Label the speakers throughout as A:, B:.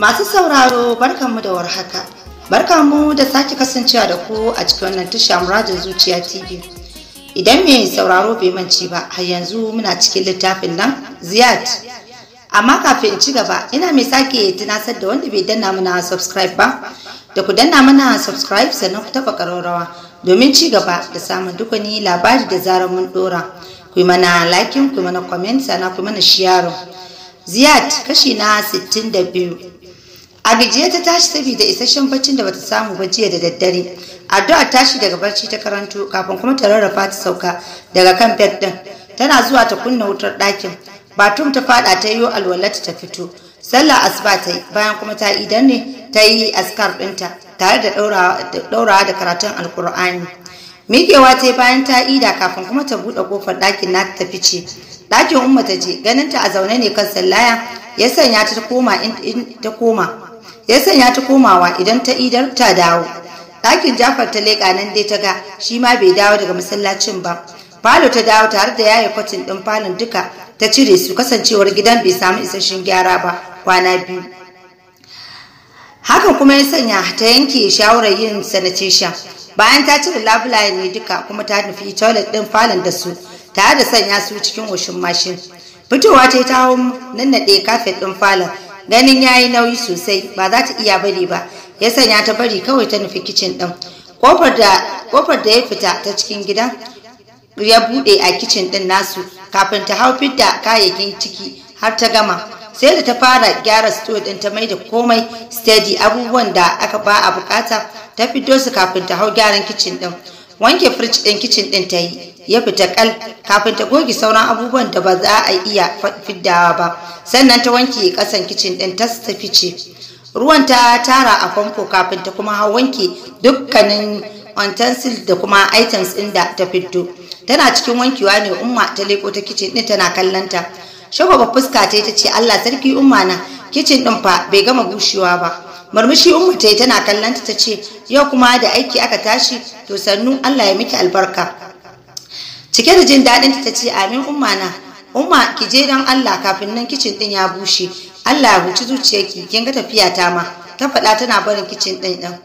A: Masu sauraro barkanmu da warhaka. Barkanmu da sake kasancewa da ku a cikin wannan tasha muradin zuciya TV. Idan mai sauraro bai manci ba, har yanzu muna cikin littafin nan Ziyad. Amma kafin in ci gaba, ina mai sake tunasar da wanda bai danna mana subscribe ba, da ku danna mana subscribe sannan ku taɓa ƙararrawa domin ci gaba da samun duk wani labari da zarar mun ɗora. Ku mana liking, ku mana comment, sannan ku mana sharing. Ziyad kashi na 62 a bijiye ta tashi saboda isasshen baccin da bata samu ba jiya da daddare addu'a tashi daga barci ta karanto kafin kuma ta rarrafa ta sauka daga kan bed din tana zuwa ta kunna wutar ɗakin Batun ta faɗa ta yi alwalata ta fito sallah asuba ta yi bayan kuma ta idan ne ta yi askar ɗinta tare da ɗaurawa da karatun alkur'ani miƙewa ta yi bayan ta ida kafin kuma ta buɗe ƙofar ɗakin na ta fice ɗakin umma ta je ganin ta a zaune ne kan sallaya ya sanya ta koma ta koma Yasan ya ta komawa idan ta idar ta dawo ɗakin jafar ta leƙa nan dai ta ga shi ma bai dawo daga masallacin ba falo ta dawo tare da yaye kwatin ɗin falon duka ta cire su kasancewar gidan bai samu isasshen gyara ba kwana biyu hakan kuma ya sanya ta yanke shawarar yin sanitation bayan ta cire labulayen ne duka kuma ta nufi toilet ɗin falon da su tare da sanya su cikin washin mashin fitowa ta yi ta hau nannaɗe kafet ɗin falon ganin ya yi nauyi sosai ba za ta iya bari ba ya sanya ta bari kawai ta nufi kicin ɗin kofar da ya fita ta cikin gidan ya buɗe a kicin ɗin nasu kafin ta hau fidda kayayyakin ciki har ta gama sai da ta fara gyara sto ɗin ta mai da komai steady abubuwan da aka ba a bukata ta fito su kafin ta hau gyaran kicin ɗin wanke firij ɗin kicin ɗin ta yi ya fita kal kafin ta goge sauran abubuwan da ba za a iya fiddawa ba sannan ta wanke ƙasan kicin ɗin ta fice ruwan ta tara a famfo kafin ta kuma wanke dukkanin utensil da kuma items ɗin da ta fiddo tana cikin wankewa ne umma ta leko ta kicin ɗin tana kallon ta shagwaba fuska ta ce allah sarki umma na kicin ɗin fa bai gama bushewa ba murmushi umma ta yi tana kallon ta ce yau kuma da aiki aka tashi to sannu Allah ya miki albarka cike da jin daɗin ta ce amin umma na umma ki je don Allah kafin nan kicin din ya bushe Allah ya huci zuciyarki kin ga tafiya ta ma ta faɗa tana barin kicin din din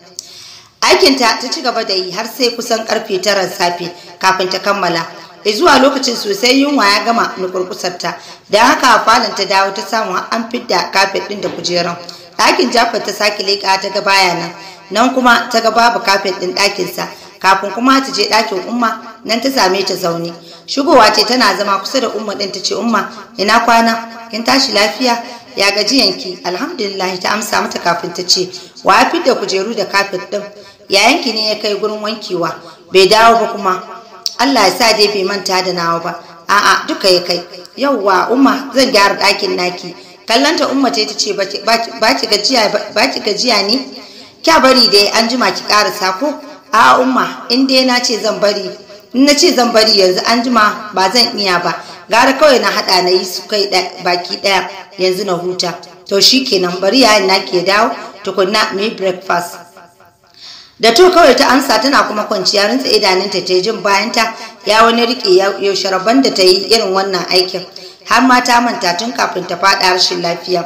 A: aikinta ta ci gaba da yi har sai kusan karfe tara safe kafin ta kammala e zuwa lokacin sosai yunwa ya gama nukurkusarta da haka falon ta dawo ta samu an fidda kafet din da kujeran ɗakin jafar ta sake leƙa ta ga baya nan nan kuma ta ga babu kafet ɗin ɗakinsa kafin kuma ta je ɗakin umma nan ta same ta zaune shigowa ce tana zama kusa da umma ɗin ta ce umma ina kwana kin tashi lafiya ya gajiyanki alhamdulillah ta amsa mata kafin ta ce wa fi da kujeru da kafet ɗin yanki ne ya kai gurin wankewa bai dawo ba kuma Allah ya sa dai bai manta da nawa ba a'a duka ya kai yauwa umma zan gyara ɗakin naki kallanta umma ce ta ce ba ki gajiya ne kya bari dai an jima ki karasa ko a umma in dai na ce zan bari na ce zan bari yanzu an jima ba zan iya ba gara kawai na hada na yi su kai baki daya yanzu na huta to shi kenan, bari yayin na ke dawo tukunna mu yi breakfast da to kawai ta amsa tana kuma kwanciya rintsa idanunta ta yi jin bayanta ya wani rike yaushe rabon da ta yi irin wannan aikin har ma ta manta tun kafin ta faɗa rashin lafiya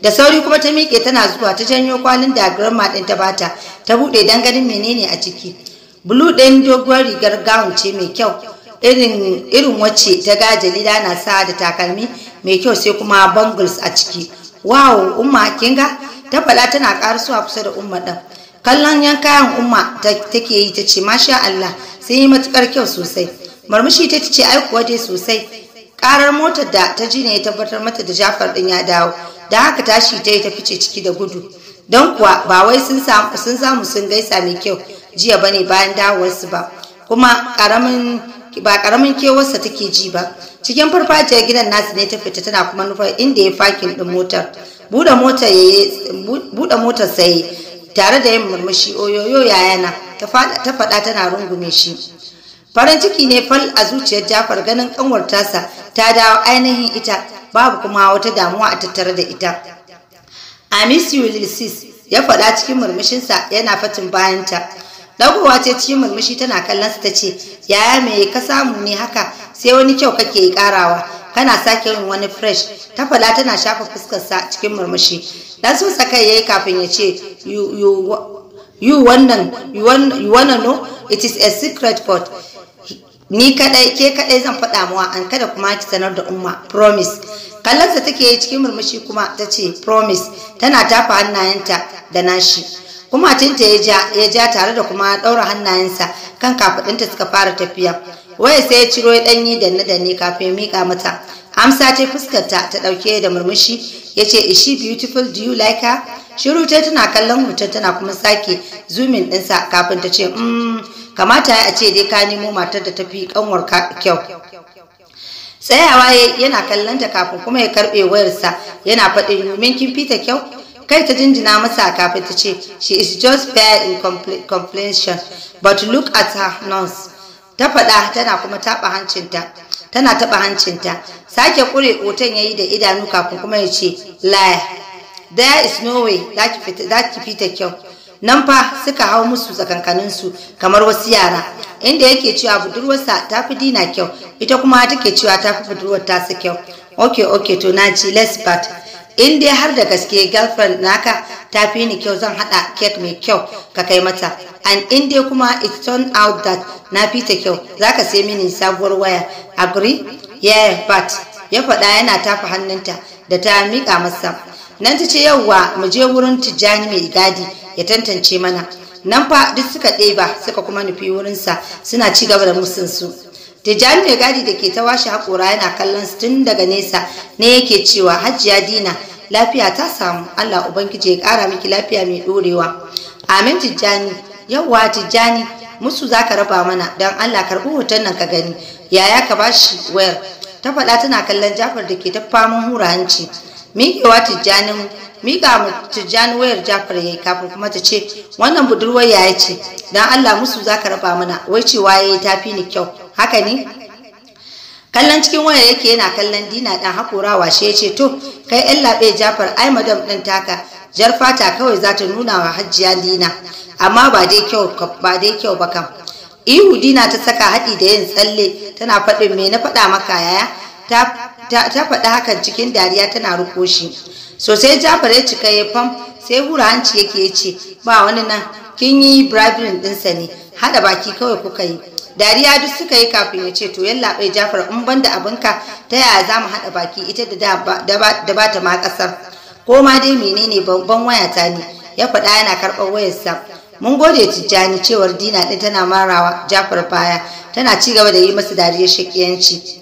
A: da sauri kuma ta miƙe tana zuwa ta janyo kwalin da grandma ɗin ta bata ta buɗe don ganin menene a ciki bulu ɗin doguwar rigar gawun ce mai kyau irin irin wacce ta ga jalila na sa da takalmi mai kyau sai kuma bangles a ciki wow umma kinga ta faɗa tana ƙarasuwa kusa da umma ɗin kallon yankayan umma take yi ta ce masha Allah sun yi matuƙar kyau sosai Marmushi ta ce ai kuwa dai sosai karar motar da ta ji ne ya tabbatar mata da jafar din ya dawo da haka tashi ta yi ta fice ciki da gudu don kuwa ba wai sun samu sun gaisa mai kyau jiya bane bayan dawowarsu ba kuma ba karamin kewarsa take ji ba cikin farfajiyar gidan nasu ne ta fita tana kuma nufar inda ya fakin din motar buɗe motar buɗe motar tare da yin murmushi oyoyo yayana ta faɗa tana rungume shi farin ciki ne fal a zuciyar jafar ganin kanwar tasa ta dawo ainihin ita babu kuma wata damuwa a tattare da ita i miss ya faɗa cikin murmushinsa yana fatin bayanta dagowa ce cikin murmushi tana kallonsa ta ce yaya me ka samu ne haka sai wani kyau kake karawa kana sake yin wani fresh ta faɗa tana shafa fuskarsa cikin murmushi dan so sakai yayi kafin ya ce you you, you, you wanna know it is a secret code ni kadai ke kadai zan faɗa mawa an kada kuma ki sanar da umma promise kallonsa take yi cikin murmushi kuma ta ce promise tana tafa hannayenta da nashi kuma tinta ya ja ya ja tare da kuma ɗaura hannayensa kan kafaɗinta suka fara tafiya waya sai ya ciro ya ɗanyi danne danne kafin ya mika mata amsa ce fuskarta ta ɗauke da murmushi ya ce is she beautiful do you like her shiru ta tana kallon hoton tana kuma sake zumin ɗinsa kafin ta ce mm, kamata a ce dai ka nemo matar da tafi kanwar kyau tsayawa yana kallon ta kafin kuma ya karbe wayarsa yana faɗin yumin kin fita kyau kai ta jinjina masa kafin ta ce she is just fair in complexion but look at her nose ta faɗa tana kuma taɓa hancinta tana taɓa hancinta sake ƙure hoton ya yi da idanu kafin kuma ya ce liar. there is no way za ki fita kyau nan fa suka hau musu tsakankaninsu kamar wasu yara inda yake cewa budurwarsa ta fi dina kyau ita kuma take cewa ta fi budurwar su kyau ok ok to na ji less bat in dai har da gaske girlfriend naka ta fi ni kyau zan hada kek mai kyau ka kai mata An in dai kuma it turned out that na fi ta kyau za ka sai mini sabuwar waya agree yeah but ya faɗa yana tafa hannunta da ta miƙa masa nan ta ce yauwa mu je wurin tijjani mai gadi ya tantance mana nan fa duk suka ɗeba suka kuma nufi wurinsa suna ci gaba da musunsu tijjani mai gadi da ke ta washe haƙora yana kallon su tun daga nesa ne yake cewa hajjiya dina lafiya ta samu allah ubangiji ya ƙara miki lafiya mai ɗorewa amin tijjani yauwa tijjani musu za ka raba mana don allah karɓi hoton nan ka gani yaya ka bashi wayar ta faɗa tana kallon jafar da ke ta faman hura hanci miƙewa tijjanin mu tijjani wayar jafar yayi kafin kuma ta ce wannan budurwar yaya ce dan Allah musu zaka raba mana wai cewa yayi tafi ni kyau haka ne kallon cikin waya yake yana kallon dina dan hakora washe ya ce to kai yan labe jafar ai madam din taka jar fata kawai za ta nuna wa hajjiya dina amma ba dai kyau ba dai kyau ba kam ihu dina ta saka haɗi da yin tsalle tana faɗin me na faɗa maka yaya ta faɗi hakan cikin dariya tana ruko sosai jafar ya cika ya fam sai hura hanci yake ya ce ba wani nan kin yi bribery ɗinsa ne haɗa baki kawai kuka yi dariya duk suka yi kafin ya ce to yalla bai jafar in banda abinka ta yaya za mu haɗa baki ita da ba ta ma ƙasar ko ma dai menene babban waya ta ne ya faɗa yana karɓar wayarsa mun gode tijjani cewar dina ɗin tana marawa jafar baya tana ci gaba da yi masa dariyar shakiyanci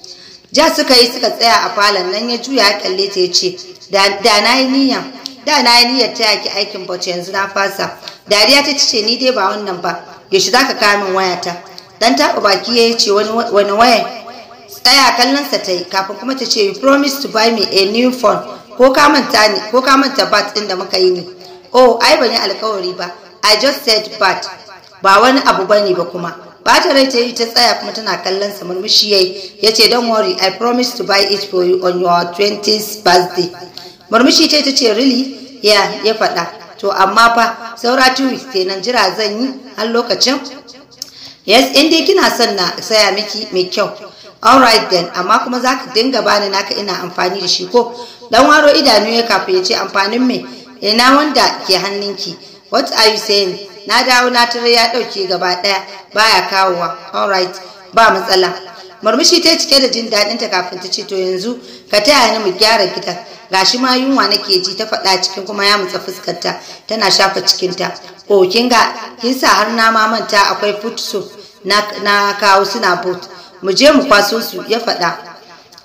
A: ja suka yi suka tsaya a falon nan ya juya ya kalle ta ya ce da na yi niyya da na yi niyyar taya ki aikin bauta yanzu na fasa dariya ta ce ni dai ba wannan ba yaushe za ka kawo min ta dan taɓa baki ya ce wani waya. tsaya kallon sa ta yi kafin kuma ta ce you promise to buy me a new phone ko ka manta bat din da muka yi ni? oh ai ban yi alkawari ba i just said bat ba wani abu bane ba kuma bata rai ta yi ta tsaya kuma tana kallon sa murmushi yayi yace Don worry i promise to buy it for you on your 20th birthday murmushi ta tace ce really yeah ya faɗa to amma fa saura two weeks kenan jira zan yi har lokacin yes in dai kina son na saya miki mai kyau alright then amma kuma za ka dinga bani naka ina amfani da shi ko dan waro idanu ya kafa ya ce amfanin me ina wanda ke hannunki what are you saying na dawo na tare ya ɗauke gaba ɗaya baya kawowa alright ba matsala murmushi ta cike da jin dadin ta kafin ta ce to yanzu ka taya ni mu gyara gidan gashi ma yunwa nake ji ta faɗa cikin kuma ya mutsa fuskarta tana shafa cikinta ta kin ga kin sa har na ma manta akwai futsu na, na kawo suna but? mu je mu kwaso su ya faɗa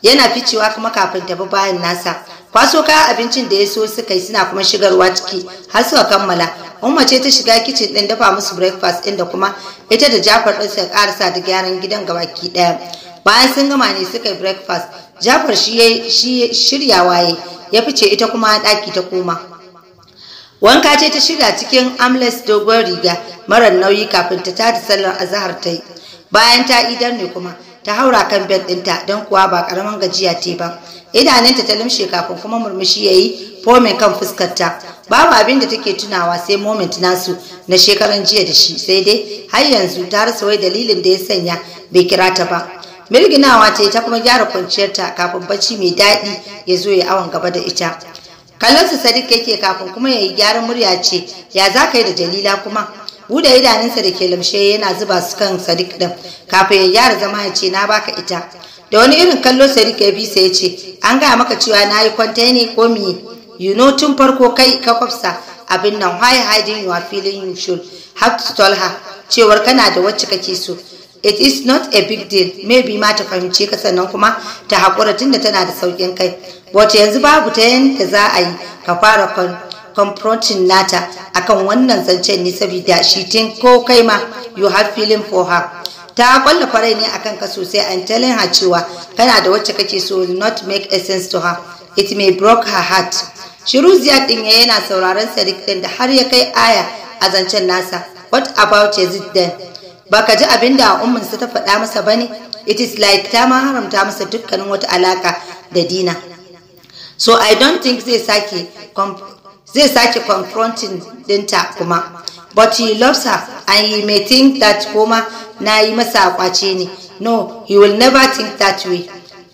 A: yana ficewa kuma kafin ta bi bayan nasa kwaso kayan abincin da ya so suka yi suna kuma shigarwa ciki har suka kammala umma ce ta shiga kicin din dafa musu breakfast din da kuma ita da jafar din suka sa da gyaran gidan gabaki ɗaya. bayan sun gama ne suka yi breakfast jafar shi shirya waye ya fice ita kuma ɗaki ta koma wanka ce ta shirya cikin amles dogon riga marar nauyi kafin ta tada sallar azahar ta yi bayan ta idar ne kuma ta haura kan bed ɗinta don kuwa ba ƙaramin gajiya ce ba idanunta ta limshe kafin kuma murmushi ya yi fomin kan fuskarta babu abin da take tunawa sai moment nasu na shekaran jiya da shi sai dai har yanzu ta rasa wai dalilin da ya sanya bai kira ta ba mirginawa yi ta kuma gyara kwanciyarta kafin bacci mai daɗi ya zo ya awon gaba da ita kallon su sadiq yake kafin kuma ya yi gyaran murya ce ya za ka yi da jalila kuma buɗe idanunsa da ke lamshe yana zuba su kan sadiq ɗin kafin ya gyara zama ya ce na baka ita da wani irin kallo sadiq ya sai ya ce an gaya maka cewa na yi kwantene ko miye you know tun farko kai ka kwafsa abin nan why hiding your feeling you should have to tell her cewar kana da wacce kake so it is not a big deal maybe ma ta fahimce ka sannan kuma ta haƙura tunda tana da sauƙin kai but yanzu babu ta yanda za a yi ka fara confronting nata akan wannan zancen ne saboda shi tin ko kai ma you have feeling for her ta kwalla farai ne a kanka sosai and telling her cewa kana da wacce kake so not make a sense to her it may broke her heart shiru ziyad din ya yana sauraron sadiq din da har ya kai aya a zancen nasa what about yazid Ba baka ji abinda umminsa ta faɗa masa bane it is like ta ma haramta masa dukkanin wata alaka da dina so i don't think zai sake zai sake confronting dinta kuma but he loves her and he may think that koma na yi masa kwace ne no he will never think that way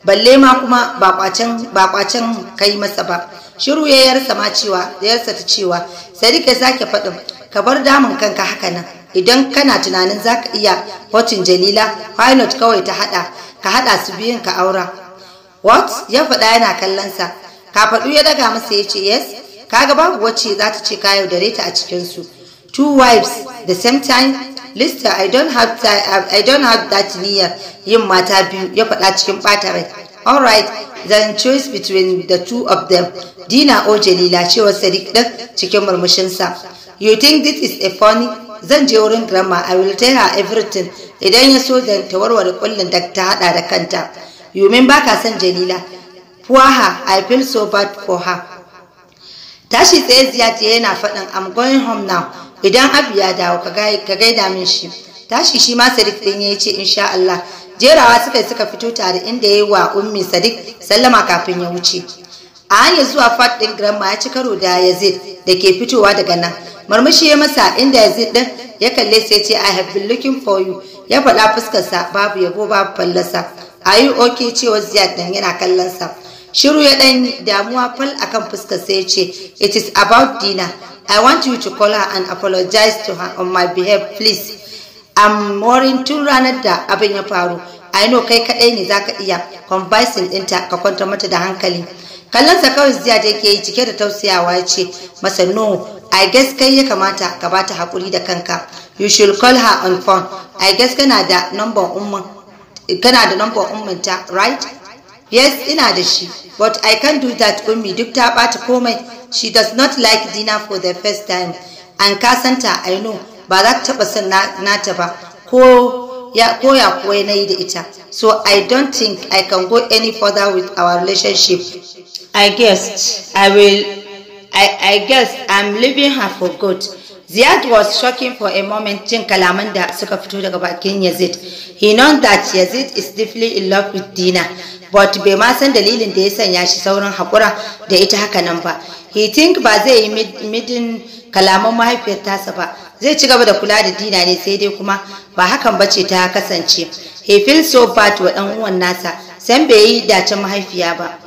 A: balle ma kuma ba kwacen ba yi masa ba shiru ya yarsa ma cewa yarsa ta cewa sadiq ya sake faɗin ka bar damun kanka haka nan idan kana tunanin zaka iya watin jalila why kawai ta hada ka haɗa su biyun ka aura what ya faɗa yana kallon sa faɗu ya daga masa ya ce yes Ka ga babu wacce za ta ce ka yaudare ta a cikinsu two wives the same time lista i don't have i don't have that near yin mata biyu ya faɗa cikin ɓata rai right, then choice between the two of them dina o jalila cewa sadiq ɗin cikin murmushinsa you think this is a funny zan je wurin grandma i will tell her everything idan ya so zan ta warware kullun da ta hada da kanta you mean ka son jalila poor her i feel so bad for her tashi tsaye ziyarta yana faɗin i'm going home now idan abu ya dawo ka gaida min shi tashi shi ma sadiq din ya ce insha Allah jerawa suka suka fito tare inda ya yi wa ummi sadiq sallama kafin ya wuce a hanyar zuwa fat din grandma ya ci karo da yazid da ke fitowa daga nan marmashi ya masa inda yazid din ya kalle sai ce i have been looking for you ya faɗa fuskarsa babu yabo babu fallasa a yi oke cewa ziyad din yana kallonsa. shiru ya ɗan damuwa fal akan fuskar sai ya ce it is about dinner I want you to call her and apologize to her on my behalf, please. I'm worrying tun ranar da abin ya faru. I know kai kaɗai ne za ka iya conversing ɗinta ka kwanta mata da hankali. Kallonsa kawai ziya da yake yi cike da tausayawa ya ce masa no I guess kai ya kamata ka bata hakuri da kanka. You should call her on phone. I guess kana da number umman kana number umman ta, right? Yes, ina da shi. But I can't do that ummi duk ta bata komai. She does not like dinner for the first time. and kasanta I know ba za ta taɓa son nata ba ko ya koya koya na yi da ita. So I don't think I can go any further with our relationship. I guess I will I, I guess I'm leaving her for good. ad was shocking for a moment jin kalaman da suka fito daga bakin Yazid. He known that Yazid is deeply in love with Dina, but bai ma san dalilin da ya sanya shi da ita haka nan ba. he think ba zai yi midin kalaman mahaifiyar tasa ba zai ci gaba da kula da dina ne sai dai kuma ba hakan ba ce ta kasance he feel so bad wa dan uwan nasa san bai yi dace mahaifiya ba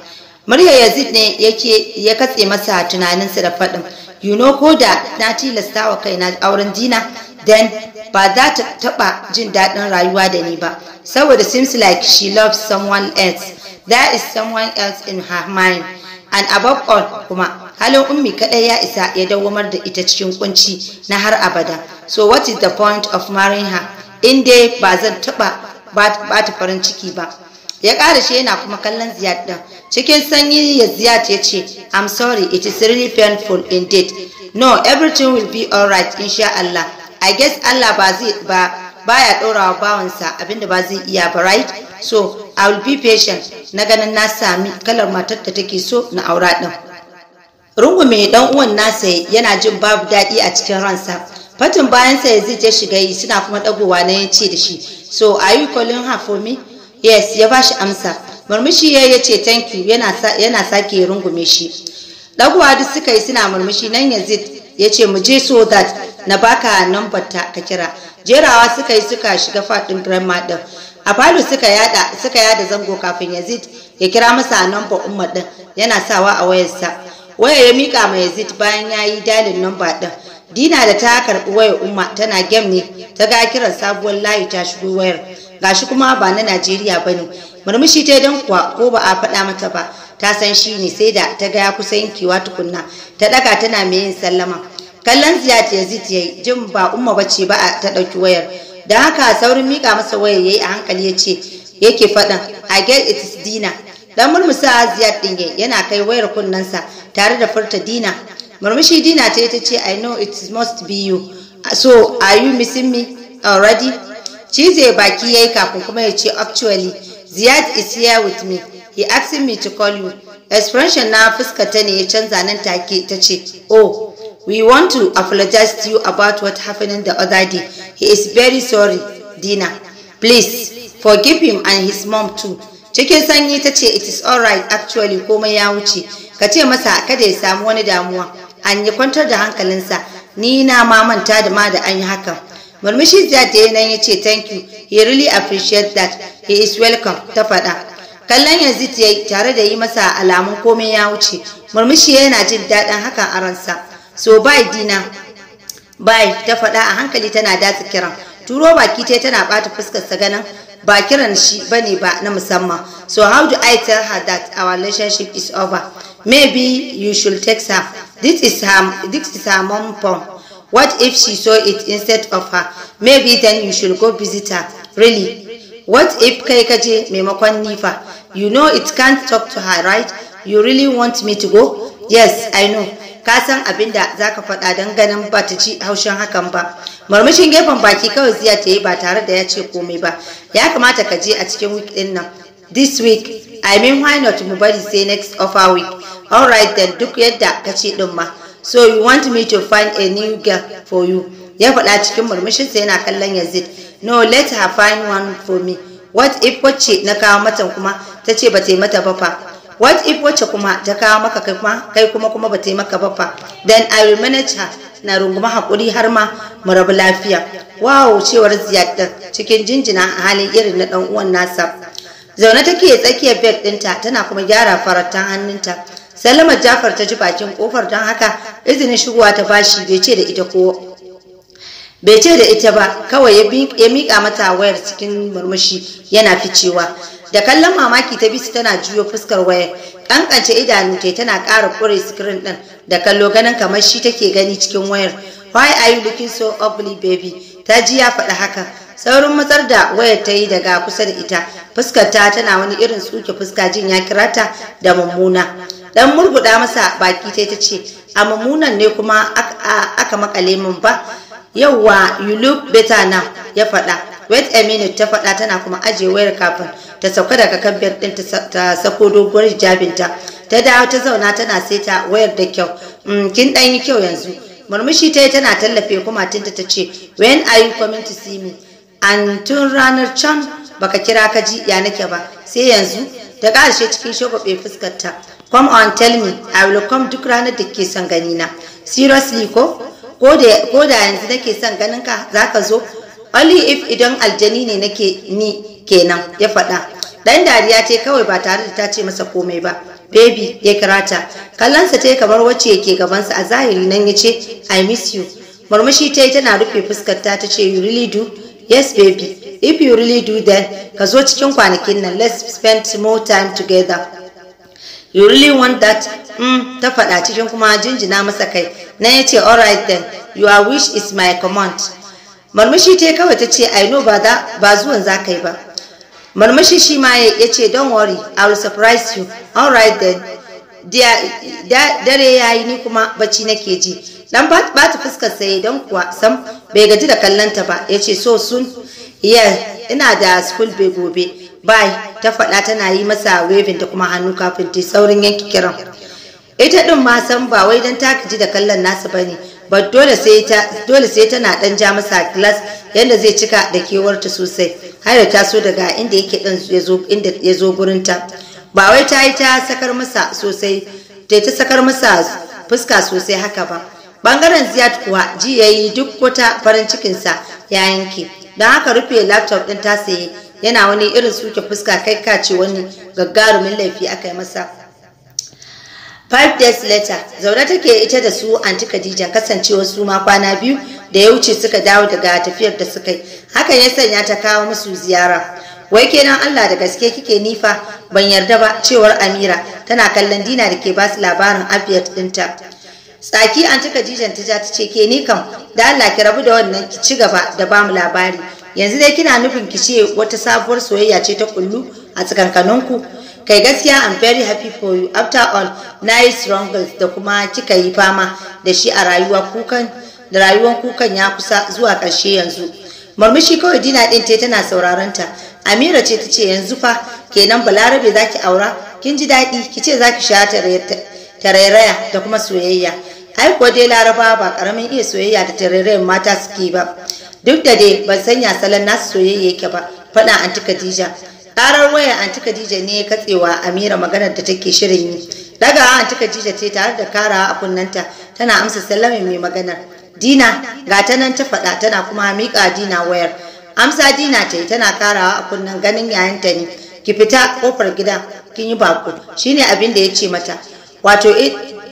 A: murya yazid ne yake ya katse masa tunaninsa da fadin you know ko da na tilasta wa kaina auren dina then ba za ta taba jin daɗin rayuwa da ni ba saboda seems like she loves someone else there is someone else in her mind and above all kuma halin ummi kadai ya isa ya dawwamar da ita cikin kunci na har abada so what is the point of marrying her in dai ba zan taba ba ta farin ciki ba ya kara shi yana kuma kallon ziyad din cikin sanyi ya ziyad ya ce i'm sorry it is really painful indeed no everything will be all right insha Allah i guess Allah ba zai ba baya ɗorawa bawansa abinda ba zai iya ba right so i will be patient na ganin na sami kalar matar da take so na aura din rungume dan uwan nasa yana jin babu daɗi a cikin ransa fatin bayan sa zai ya shiga yi suna kuma dagowa na yace da shi so are you calling her for me yes ya ba shi amsa murmushi ya ya ce thank you yana sake rungume shi Dagowa duk suka yi suna murmushi nan yanzu yace mu je so that na baka number ta ka kira jerawa suka yi suka shiga faɗin grandma din a falo suka yada suka yada zango kafin yazid ya kira masa number umma ɗin yana sawa a wayarsa waya ya mika ma yazid bayan yayi dalin number ɗin dina da ta karbi wayar umma tana gem ne ta ga kiran sabuwar layi ta shigo wayar gashi kuma ba na najeriya ba ne murmushi ta don kuwa ko ba a faɗa mata ba ta san shi ne sai da ta ga ya kusa yankewa tukunna ta ɗaga tana mai yin sallama kallon ziyat ya yazid yayi jin ba umma bace ba a ta ɗauki wayar da haka saurin mika masa wayar yayi a hankali yace yake faɗan i get it is dina dan murmusa ziyad din yana kai wayar sa, tare da furta dina murmushi dina ta yace ce i know it must be you so are you missing me already cize baki yayi kafin kuma yace actually ziyat is here with me he asked me to call you expression na fuskata ne ya canza nan take ta ce oh We want to apologize to you about what happened the other day. He is very sorry, Dina. Please forgive him and his mom too. Cikin sanyi ta ce it is alright actually komai ya wuce. Ka ce masa kada ya samu wani damuwa. An yi kwantar da hankalinsa. Ni na ma manta da ma da an yi hakan. Murmushi da ya nan ya ce thank you. He really appreciate that. He is welcome ta faɗa. kallon yanzu tare da yi masa alamun komai ya wuce murmushi yana jin daɗin hakan a ransa so bye dina bye ta faɗa a hankali tana datsa kiran turo baki ta tana bata fuskar sa ganin ba kiran shi bane ba na musamman so how do i tell her that our relationship is over maybe you should text her this is her this is her mom pom what if she saw it instead of her maybe then you should go visit her really what if kai kaje maimakon nifa you know it can't talk to her right you really want me to go yes i know ka san abin da za ka faɗa don ganin ba ta ci haushin hakan ba murmushin gefen baki kawai ziya ta yi ba tare da ya ce komai ba ya kamata ka je a cikin week ɗin nan this week i mean why not mu bari sai next offer week All right then duk yadda ka ce ɗin ma so you want me to find a new girl for you ya faɗa cikin murmushin murmushinsa yana kallon yazid no let her find one for me what if wacce na kawo mata kuma ta ce ba ta yi mata ba fa what if wacce kuma ta kawo maka kai kuma kai kuma kuma ba ta yi maka ba fa then i will manage her na runguma hakuri har ma mu rabu lafiya wow cewar ziyartar cikin jinjina a halin irin na dan uwan nasa zaune take tsakiyar bed dinta tana kuma gyara faratan hannunta salama jafar ta ji bakin kofar don haka izinin shigowa ta bashi bai ce da ita ko bai ce da ita ba kawai ya mika mata wayar cikin murmushi yana ficewa da kallon mamaki ta bisu tana juyo fuskar wayar kankance idanun ta tana ƙara kure screen din da kallo ganin kamar shi take gani cikin wayar why are you looking so ugly baby ta ji ya faɗi haka saurin matsar da wayar ta yi daga kusa da ita fuskar ta tana wani irin tsuke fuska jin ya kira ta da mummuna dan murguda masa baki ta ta ce a mummunan ne kuma aka makale min ba yauwa you look better now ya faɗa wait a minute ta faɗa tana kuma ajiye wayar kafin ta sauka daga kamfen din ta sako doguwar hijabinta ta dawo ta zauna tana saita wayar da kyau mm, kin dan yi kyau yanzu murmushi ta yi tana tallafe kuma tinta ta ce when are you coming to see me an tun ranar can baka kira ka ji ya nake ba sai yanzu ta ƙarshe cikin shagwabe fuskarta come on tell me i will come duk ranar da ke son gani na seriously ko ko da yanzu nake son ganin ka za ka zo only if idan aljani ne nake ni kenan ya faɗa dan dariya ce kawai ba tare da ta ce masa komai ba baby ya kira ta kallonsa ta kamar wacce yake gabansa a zahiri nan ya ce i miss you murmushi ta yi tana rufe fuskar ta ta ce you really do yes baby if you really do then ka zo cikin kwanakin nan let's spend more time together you really want that mm, ta faɗa cikin kuma jinjina masa kai na ya ce alright then your wish is my command murmushi ta kawai ta ce i know ba zuwan za ka yi ba murmushi shi ma ya ce don worry i will surprise you all right then dare ya yi ni kuma bacci nake ji dan ba ta fuskar sai don kuwa sam bai gaji da kallanta ba ya ce so sun yeah ina da school bai gobe bye ta faɗa tana yi masa waving ta kuma hannu kafin ta saurin yanki kiran ita din ma san ba wai don ta gaji da kallon nasa bane but dole sai ta dole sai tana dan ja masa class yanda zai cika da kewarta sosai har ta so daga inda yake dan yazo inda yazo gurin ta ba wai ta yi ta sakar masa sosai ta ta sakar masa fuska sosai haka ba bangaren ziyad kuwa ji yayi duk wata farin cikin sa ya yanke dan haka rufe laptop din ta sai yana wani irin suke fuska kai kace wani gaggarumin laifi aka yi masa five days later zaune take ita da su anti khadija kasancewar su ma kwana biyu da ya wuce suka dawo daga tafiyar da suka yi hakan ya sanya ta kawo musu ziyara wai kenan allah da gaske kike nifa ban yarda ba cewar amira tana kallon dina da ke ba su labarin afiyat dinta tsaki anti khadijan ta ja ta ce ke ni kam da allah ki rabu da wannan ki ci gaba da bamu labari yanzu dai kina nufin ki ce wata sabuwar soyayya ce ta kullu a tsakankaninku kai gaskiya i'm very happy for you after all na yi struggles da kuma kika yi fama da shi a rayuwa kukan da rayuwar kukan ya kusa zuwa ƙarshe yanzu murmushi kawai dina ɗin ta tana sauraron ta amira ce ta ce yanzu fa kenan balarabe zaki aura kin ji daɗi ki ce za ki sha tarairaya da kuma soyayya ai kuwa dai laraba ba ƙaramin iya soyayya da tarairayan mata suke ba duk da dai ban sanya salon nasu soyayya yake ba faɗa anti khadija karar waya, anti khadija ne katsewa amira maganar da take shirin yi daga anti khadija ce tare da kara a kunnanta tana amsa sallame mai maganar dina ga ta nan ta faɗa tana kuma miƙa dina wayar amsa dina ta yi tana karawa a kunnan, ganin yayanta ne ki fita kofar gida kin yi bako shine abin da ya ce mata wato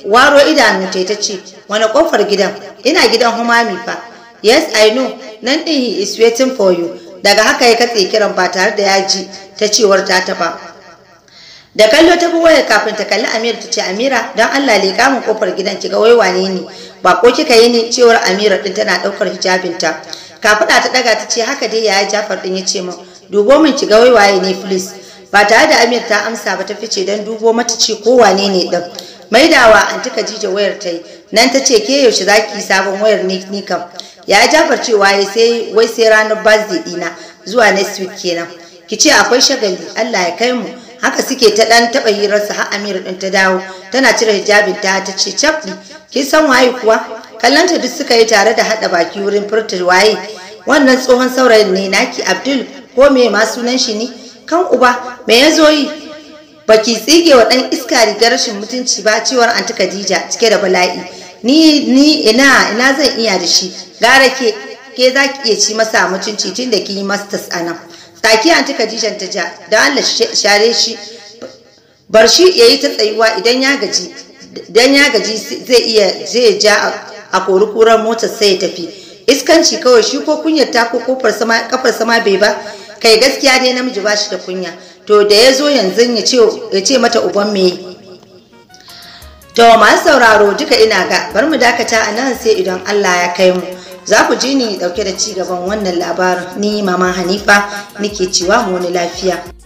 A: waro idanu ta ta ce wani kofar gidan ina gidan humami fa yes i know nan din he is waiting for you daga haka ya katse kiran ba tare da yaji ji ta cewar ta taba da kallo ta waya kafin ta kalli Amira ta ce Amira don Allah leƙa min kofar gidan kiga ga wai wane ne ba ko kika yi ne cewar Amira din tana ɗaukar hijabinta. ta kafaɗa ta daga ta ce haka dai yaya Jafar din ya ce min dubo min kiga ga wai waye ne please ba tare da Amir ta amsa ba ta fice don dubo mata ce ko wane ne din maidawa antika jije wayar ta yi nan ta ce ke yaushe za ki yi sabon wayar ne ni kam ya jafar cewa ya sai wai sai ranar birthday dina zuwa next week kenan ki ce akwai shagali Allah ya kai mu haka suke ta dan taba hirarsa har Amira din ta dawo tana cire hijabin ta ta ce chapli kin san waye kuwa kallanta duk suka yi tare da hada baki wurin furta waye wannan tsohon saurayin ne naki Abdul ko me ma sunan shi ne kan uba me ya zo yi baki tsige wa dan iska rigar rashin mutunci ba cewar anti Khadija cike da bala'i ni ni ina ina zan iya da shi gara ke ke za ki iya ci masa mutunci tun da kin yi masters a nan anti kadishan ta ja da Allah share shi bar shi yayi ta tsayuwa idan ya gaji dan ya gaji zai iya zai ja a korukuran motar sai ya tafi iskanci kawai shi ko kunyar ta ko kofar sama kafar sama bai ba kai gaskiya dai namiji ba shi da kunya to da ya zo yanzu ya ce mata uban me To masu sauraro duka ina ga bar mu dakata a nan sai idan Allah ya kai mu. Za ku ji ni dauke da ci gaban wannan labarin ni Mama Hanifa nake cewa mu wani lafiya.